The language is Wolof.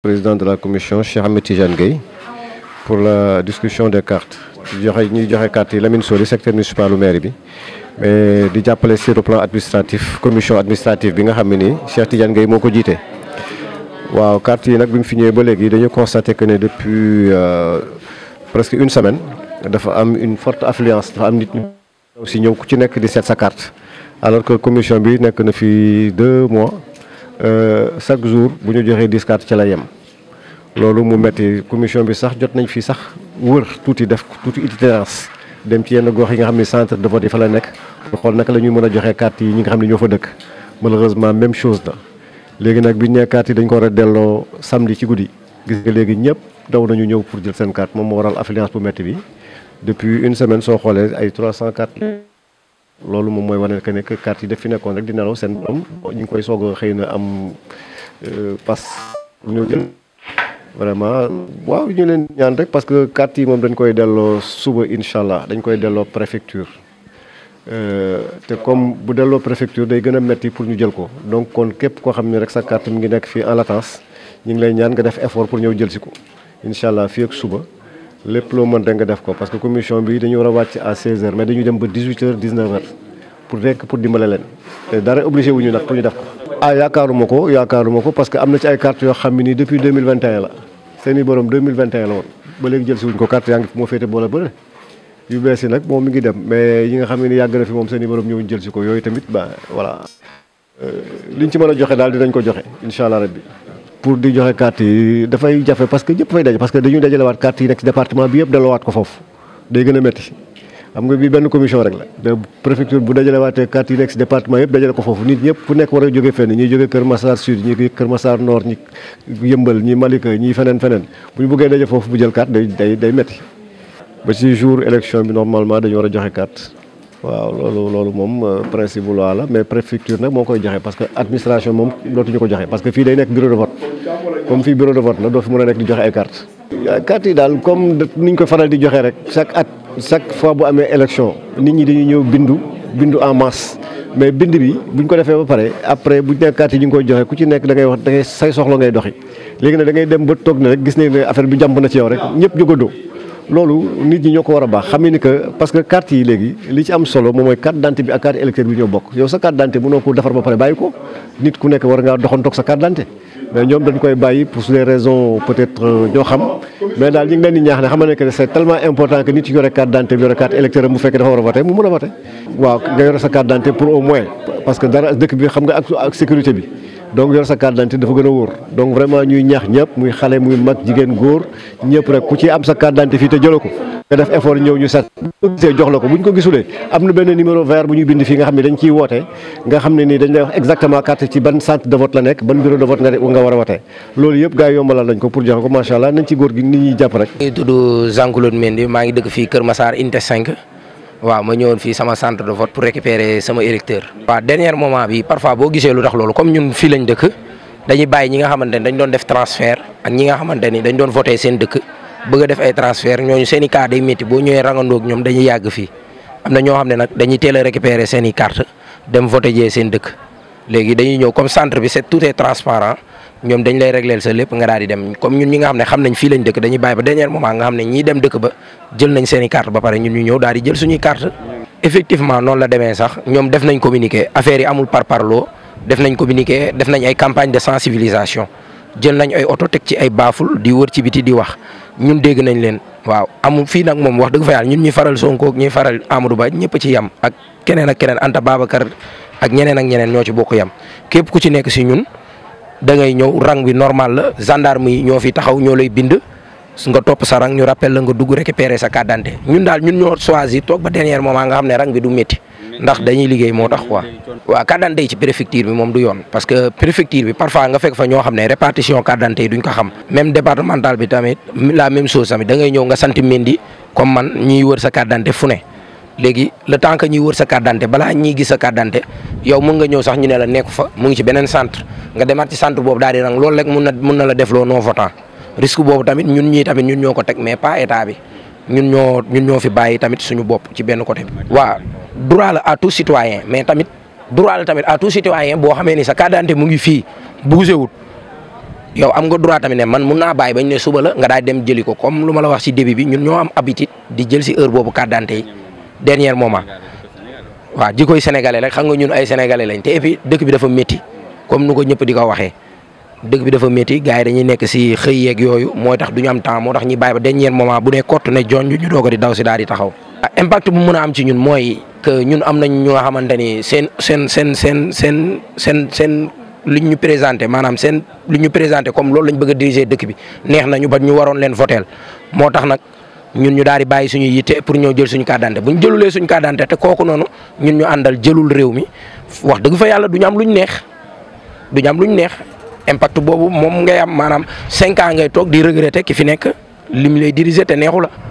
président de la commission Cheikh Ahmed Tidiane pour la discussion des cartes joxe ñuy carte la Lamine Soli secrétaire municipal lu maire bi mais di jàppale sur le plan administratif commission administrative bi nga xam Cheikh Tidiane Gueye moo waaw carte yi nag bi mu fi ñëwee ba constaté que depuis euh, presque une semaine dafa am une forte affluence dafa am nit aussi ñëw ku ci cette sa carte alors que commission bi nekk na fi deux mois. Euh, chaque jour bu ñu joxee discard ci la yem loolu mu metti commission bi sax jot nañ fi sax wër tuuti def tuuti itinérance dem ci yenn gox yi nga xam ne centre de yi fa la nekk pour xool naka la ñuy mën a joxe carte yi ñi nga xam ne ñoo fa dëkk malheureusement même chose la léegi nag biñ ne carte yi dañ ko war a delloo samedi ci guddi gis nga léegi ñëpp daw nañu ñëw pour jël seen carte moom moo waral affluence bu métti bi depuis une semaine soo xoolee ay 300 cartes loolu moom mooy wane que ne carte yi def fi nekkoon rek di nelaw seen borom ñu koy soog a xëy na am euh, pass ñu jël vraiment waaw ñu leen ñaan rek parce que carte yi moom dañ koy delloo suba incha allah dañ koy delloo préfecture euh, te comme bu delloo préfecture day gën a metti pour ñu jël ko donc kon képp koo xam ni rek sa carte mi ngi nekk fii en latence ñu ngi lay ñaan nga def effort pour ñëw jël si ko incha allah fii ak suba. lépp loo mën rek nga def ko parce que commission bi dañu war a wàcc à 16h mais dañu dem ba 18h 19h pour rek pour dimbale leen te dara obligé wuñu nag pour ñu def ko. ah yaakaaruma ko yaakaaruma ko parce que am na ci ay cartes yoo xam ne nii depuis 2021 la seen i borom 2021 la woon ba léegi jël si wuñ ko carte yaa ngi fi moo féete boole bële yu bees yi nag moom mi ngi dem mais yi nga xam ne yàgg na fi moom seen i borom ñëwuñ jël si ko yooyu tamit ba voilà. Euh, liñ ci mën a joxe daal dinañ ko joxe incha allah rabbi pour di joxe carte yi dafay jafe parce que ñëpp fay daje parce que dañuy dajalewaat carte yi nekk ci bi yëpp dalawaat ko foofu day gën a métti xam nga bii benn commission rek la da préfecture bu dajalewaatee carte yi nekk ci yëpp dajale ko foofu nit ñëpp ku nekk war a jóge fenn ñi jóge Kër Massar Sud ñi Kër Massar Nord ñi yëmbal ñi Malika ñi feneen feneen bu ñu bëggee daje foofu bu jël carte day day day métti ba ci jour élection a joxe carte waaw loolu loolu moom euh, principe bu loi la mais préfecture nag moo koy joxe parce que administration moom dootuñu ko joxe parce que fii day nekk bureau de vote comme fii bureau de vote la doo fi mën a nekk di joxe ay carte euh, comme niñ ko faral di joxe rek chaque at chaque fois bu amee élection nit ñi dañuy ñëw bindu bindu en masse mais bind bi buñ ko defee ba pare après bu nekk carte yi ñu koy joxe ku ci nekk da ngay wax da say soxla ngay doxi léegi nag da dem ba toog ne rek gis ne affaire bi jàmp na ci yow rek ñëpp jógadoo loolu nit ñi ñoo ko war a baax xam ne ni que parce que carte yi léegi li ci am solo moom mooy carte d'identité bi ak carte électeur bi ñoo bokk yow sa carte d'identité mënoo ko defar ba pare bàyyi nit euh, ñoo xam mais daal ñu ngi leen important que nit yore carte d'identité bi yore carte électeur mu fekk dafa war a voter mu mën a voter waaw nga yore sa carte d'identité pour au moins parce que dara dëkk bi xam nga ak sécurité bi donc yor sa carte d'identité dafa gën a wóor donc vraiment ñuy ñaax ñëpp muy xale muy mag jigéen góor ñëpp rek ku ci am sa carte d'identité fii te jëla ko nga def effort ñëw ñu set ko gisee la ko bu ñu ko gisulee am na benn numéro vert bu ñu bind fii nga xam ne dañ ci woote nga xam ne nii dañ lay wax exactement carte ci ban centre de la nekk ban bureau de vote nga war a wote loolu yëpp gars yi yombalal nañ ko pour joxe ko macha allah nañ ci góor gi nit ñi jàpp rek. maa ngi tudd Jean Claude fii Kër Massar Unité 5 waaw ma ñëwoon fii sama centre de vote pour récupérer sama électeur waaw dernier moment bi parfois boo gisee lu tax loolu comme ñun fi lañ dëkk dañuy bàyyi ñi nga xamante ni dañ doon def transfert ak ñi nga xamante ni dañ doon voté seen dëkk bëgg a def ay transfert ñooñu seen i cas day métti boo ñëwee rangandoog ñoom dañu yàgg fi am na ñoo xam ne nag dañuy teel a récupérer seen i carte dem voté jee seen dëkk léegi dañuy ñëw comme centre bi c'est tout est transparent ñoom dañ lay régleel sa lépp nga daal di dem comme ñun ñi nga xam ne xam nañ fii lañ dëkk dañuy bàyyi ba dernier moment nga xam ne ñii dem dëkk ba jël nañ seen i carte ba pare ñu ñëw daal noonu la demee sax ñoom def nañ communiqué affaire yi amul par parloo def nañ communiqué def nañ ay campagne de sensibilisation jël nañ ay oto teg ci ay baaful di wër ci biti di wax ñun dégg nañ leen waaw amul fii nag moom wax dëgg fa yàlla ñun ñuy faral Sonko ak ñuy faral Amadou Ba ñëpp ci yam ak keneen ak keneen Anta Babacar ak ñeneen ak ñeneen ñoo ci bokk yam képp ku ci nekk si ñun da ngay ñëw rang bi normal la gendarme yi ñoo fi taxaw ñoo lay bind nga topp sa rang ñu rappel la nga dugg récupérer sa carte ñun daal ñun ñoo choisir toog ba dernier moment nga xam ne rang bi du métti ndax dañuy liggéey moo tax quoi. waaw carte d'identité ci préfecture bi moom du yoon parce que préfecture bi parfois nga fekk fa ñoo xam ne répartition carte d'identité yi duñ ko xam. même départemental bi tamit la même chose tamit da ngay ñëw nga sant Mendy comme man ñuy wër sa carte fu ne léegi le temps que ñuy wër sa carte d'identité balaa ñuy gis sa carte yow mën nga ñëw sax ñu ne la nekku fa mu ngi ci beneen centre nga demat ci centre boobu daa di rang loolu rek mun na mun na la def loo non votant risque boobu tamit ñun ñii tamit ñun ñoo ko teg mais pas état bi ñun ñoo ñun ñoo fi bàyyi tamit suñu bopp ci benn côté bi. waa droit la tout citoyen mais tamit droit la tamit à tout citoyen boo xamee ni sa carte mu ngi fii bougé wut yow am nga droit tamit ne man mun naa bàyyi bañ ne suba la nga daal dem jëli ko comme lu ma la wax si début bi ñun ñoo am habitude di jël si heure boobu carte d'identité yi dernier moment. waaw jikkoy sénégalais rek xam nga ñun ay sénégalais lañ te et puis dëkk bi dafa métti comme nu ko ñëpp di ko waxee dëkk bi dafa métti gars yi dañuy nekk si xëy yeeg yooyu mooy tax du ñu am temps moo tax ñuy bàyyi ba dernier moment bu ne kott ne jonj ñu doog a di daw si daal di taxaw. Ah, impact bu mun a am ci ñun mooy que ñun am nañ ñu nga xamante ni seen seen seen seen seen seen seen lu ñu présenté maanaam seen lu ñu présenté comme loolu lañ bëgg a diriger dëkk bi neex nañu ba ñu waroon leen votel moo tax nag ñun ñu daal di bàyyi suñu yitte pour ñëw jël suñu carte d'identité bu ñu jëlulee suñu carte d'identité te kooku noonu ñun ñu àndal jëlul réew mi wax dëgg fa yàlla du ñu am luñ neex du ñu am luñ neex impact boobu moom ngay am maanaam cinq ans ngay toog di regretter ki fi nekk lim lay diriger te neexu la.